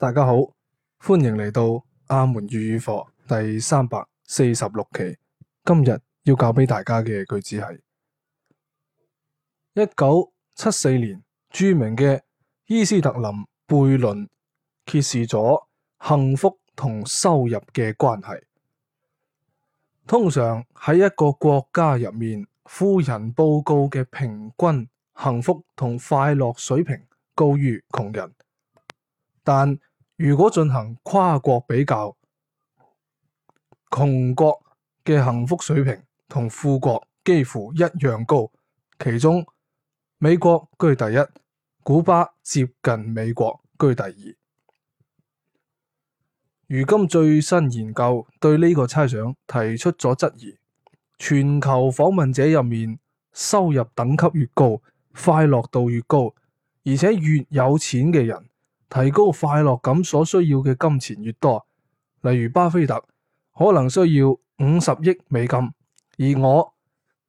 大家好，歡迎嚟到阿門粵語課第三百四十六期。今日要教俾大家嘅句子係：一九七四年，著名嘅伊斯特林悖論揭示咗幸福同收入嘅關係。通常喺一個國家入面，富人報告嘅平均幸福同快樂水平高於窮人，但如果進行跨國比較，窮國嘅幸福水平同富國幾乎一樣高，其中美國居第一，古巴接近美國，居第二。如今最新研究對呢個猜想提出咗質疑。全球訪問者入面，收入等級越高，快樂度越高，而且越有錢嘅人。提高快樂感所需要嘅金錢越多，例如巴菲特可能需要五十億美金，而我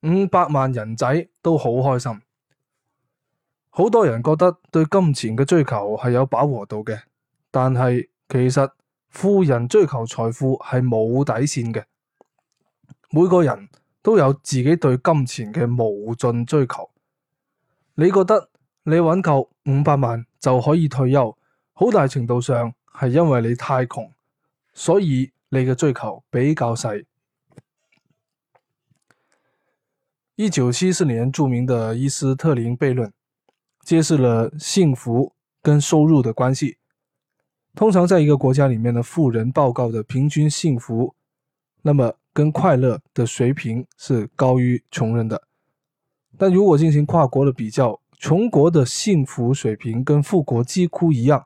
五百萬人仔都好開心。好多人覺得對金錢嘅追求係有飽和度嘅，但係其實富人追求財富係冇底線嘅。每個人都有自己對金錢嘅無盡追求。你覺得你揾夠五百萬就可以退休？好大程度上係因為你太窮，所以你嘅追求比較細。一九七四年，著名的伊斯特林悖論揭示了幸福跟收入的關係。通常，在一個國家裏面，的富人報告的平均幸福，那麼跟快樂的水平是高於窮人的。但如果進行跨國的比較，窮國的幸福水平跟富國幾乎一樣。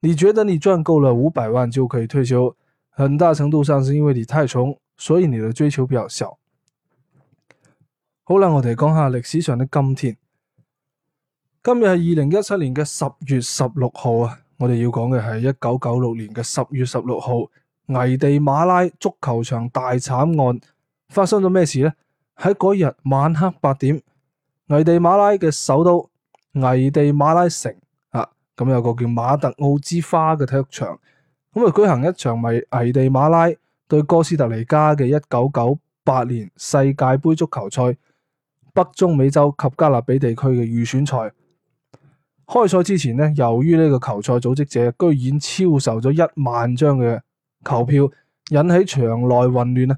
你覺得你賺夠了五百萬就可以退休，很大程度上是因為你太窮，所以你的追求比較小。好啦，我哋講下歷史上的今天。今日係二零一七年嘅十月十六號啊，我哋要講嘅係一九九六年嘅十月十六號，危地馬拉足球場大慘案發生咗咩事呢？喺嗰日晚黑八點，危地馬拉嘅首都危地馬拉城。咁有個叫馬特奧之花嘅體育場，咁啊舉行一場咪危地馬拉對哥斯達黎加嘅一九九八年世界杯足球賽北中美洲及加勒比地區嘅預選賽。開賽之前呢，由於呢個球賽組織者居然超售咗一萬張嘅球票，引起場內混亂啦。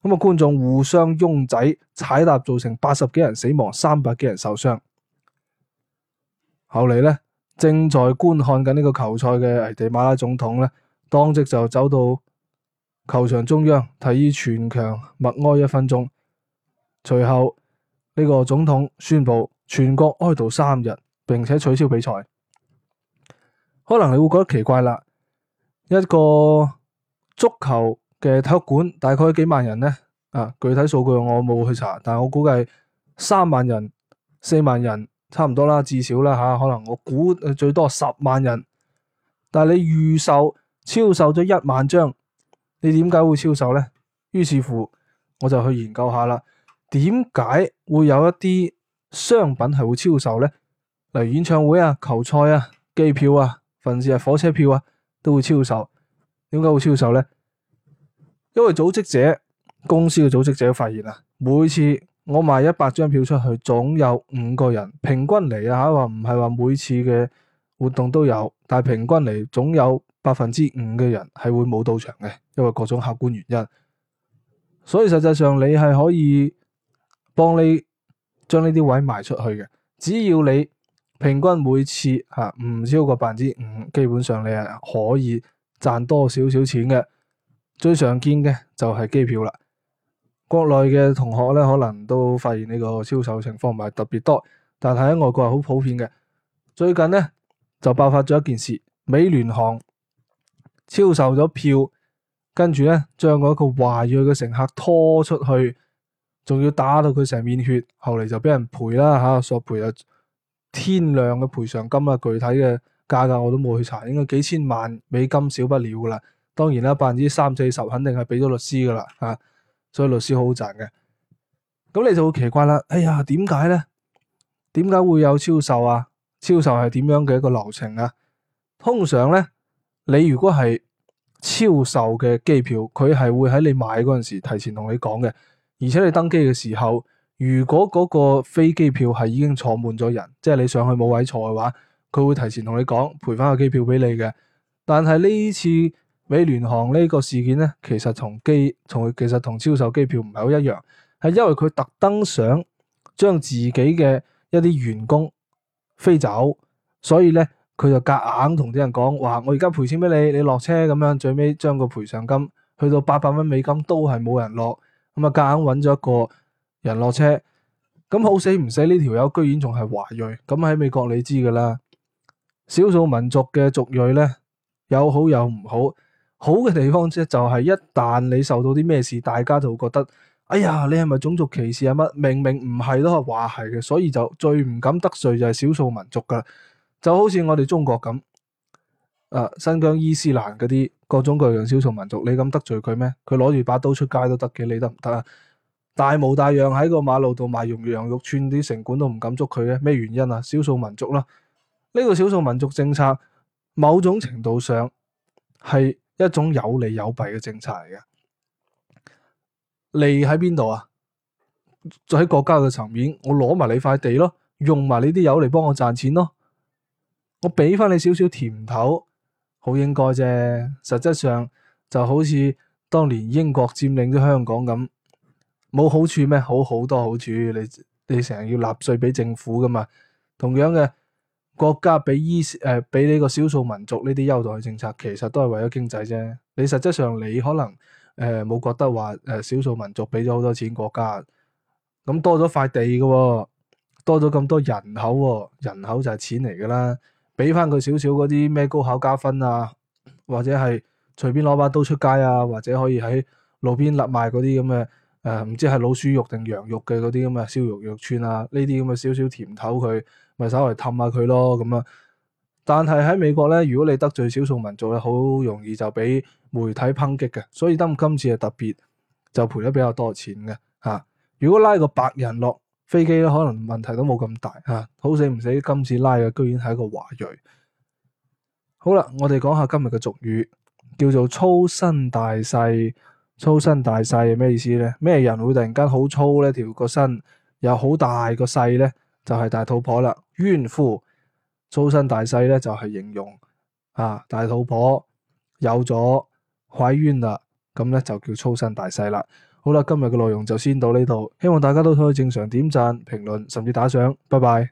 咁啊，觀眾互相擁仔踩踏，造成八十幾人死亡，三百幾人受傷。後嚟呢？正在觀看緊呢個球賽嘅危地馬拉總統咧，當即就走到球場中央，提議全場默哀一分鐘。隨後呢、呢個總統宣布全國哀悼三日，並且取消比賽。可能你會覺得奇怪啦，一個足球嘅體育館大概幾萬人咧？啊，具體數據我冇去查，但我估計三萬人、四萬人。差唔多啦，至少啦嚇、啊，可能我估最多十萬人。但係，你預售超售咗一萬張，你點解會超售呢？於是乎我就去研究下啦，點解會有一啲商品係會超售呢？例如演唱會啊、球賽啊、機票啊，甚至係火車票啊，都會超售。點解會超售呢？因為組織者公司嘅組織者發現啊，每次。我賣一百張票出去，總有五個人。平均嚟啊，吓話唔係話每次嘅活動都有，但係平均嚟，總有百分之五嘅人係會冇到場嘅，因為各種客觀原因。所以實際上你係可以幫你將呢啲位賣出去嘅，只要你平均每次吓唔超過百分之五，基本上你係可以賺多少少錢嘅。最常見嘅就係機票啦。國內嘅同學咧，可能都發現呢個超售情況唔係特別多，但係喺外國係好普遍嘅。最近呢，就爆發咗一件事，美聯航超售咗票，跟住咧將嗰個華裔嘅乘客拖出去，仲要打到佢成面血，後嚟就俾人賠啦吓，索賠啊天量嘅賠償金啊，具體嘅價格我都冇去查，應該幾千萬美金少不了噶啦。當然啦，百分之三四十肯定係俾咗律師噶啦吓。啊所以律師好好賺嘅，咁你就好奇怪啦。哎呀，點解呢？點解會有超售啊？超售係點樣嘅一個流程啊？通常呢，你如果係超售嘅機票，佢係會喺你買嗰陣時提前同你講嘅。而且你登機嘅時候，如果嗰個飛機票係已經坐滿咗人，即係你上去冇位坐嘅話，佢會提前同你講賠翻個機票俾你嘅。但係呢次。美聯航呢個事件呢，其實同機同其實同超售機票唔係好一樣，係因為佢特登想將自己嘅一啲員工飛走，所以呢，佢就夾硬同啲人講：話我而家賠錢俾你，你落車咁樣。最尾將個賠償金去到八百蚊美金都係冇人落，咁啊夾硬搵咗一個人落車。咁好死唔死呢條友居然仲係華裔，咁喺美國你知噶啦，少數民族嘅族裔呢，有好有唔好。好嘅地方啫，就係一旦你受到啲咩事，大家就會覺得，哎呀，你係咪種族歧視啊？乜明明唔係，都係話係嘅，所以就最唔敢得罪就係少數民族噶啦。就好似我哋中國咁，誒、啊，新疆伊斯蘭嗰啲各種各樣少數民族，你敢得罪佢咩？佢攞住把刀出街都得嘅，你得唔得啊？大模大樣喺個馬路度賣羊羊肉串，啲城管都唔敢捉佢嘅，咩原因啊？少數民族啦，呢、這個少數民族政策，某種程度上係。一種有利有弊嘅政策嚟嘅，利喺邊度啊？就喺國家嘅層面，我攞埋你塊地咯，用埋你啲油嚟幫我賺錢咯，我俾翻你少少甜頭，好應該啫。實質上就好似當年英國佔領咗香港咁，冇好處咩？好好多好處，你你成日要納稅俾政府噶嘛，同樣嘅。國家俾依誒俾呢個少數民族呢啲優待政策，其實都係為咗經濟啫。你實質上你可能誒冇、呃、覺得話誒少數民族俾咗好多錢國家，咁多咗塊地嘅、哦，多咗咁多人口、哦，人口就係錢嚟噶啦。俾翻佢少少嗰啲咩高考加分啊，或者係隨便攞把刀出街啊，或者可以喺路邊揦賣嗰啲咁嘅。誒，唔知係老鼠肉定羊肉嘅嗰啲咁嘅燒肉肉串啊，呢啲咁嘅少少甜頭佢，咪稍微氹下佢咯，咁啊。但係喺美國咧，如果你得罪少數民族咧，好容易就俾媒體抨擊嘅，所以今今次係特別就賠得比較多錢嘅吓、啊。如果拉個白人落飛機咧，可能問題都冇咁大吓、啊。好死唔死，今次拉嘅居然係一個華裔。好啦，我哋講下今日嘅俗語，叫做粗身大勢。粗身大細係咩意思呢？咩人會突然間好粗呢？條個身有好大個細呢，就係、是、大肚婆啦。孕婦粗身大勢呢就係、是、形容啊大肚婆有咗懷孕啦，咁呢就叫粗身大勢啦。好啦，今日嘅內容就先到呢度，希望大家都可以正常點讚、評論，甚至打賞。拜拜。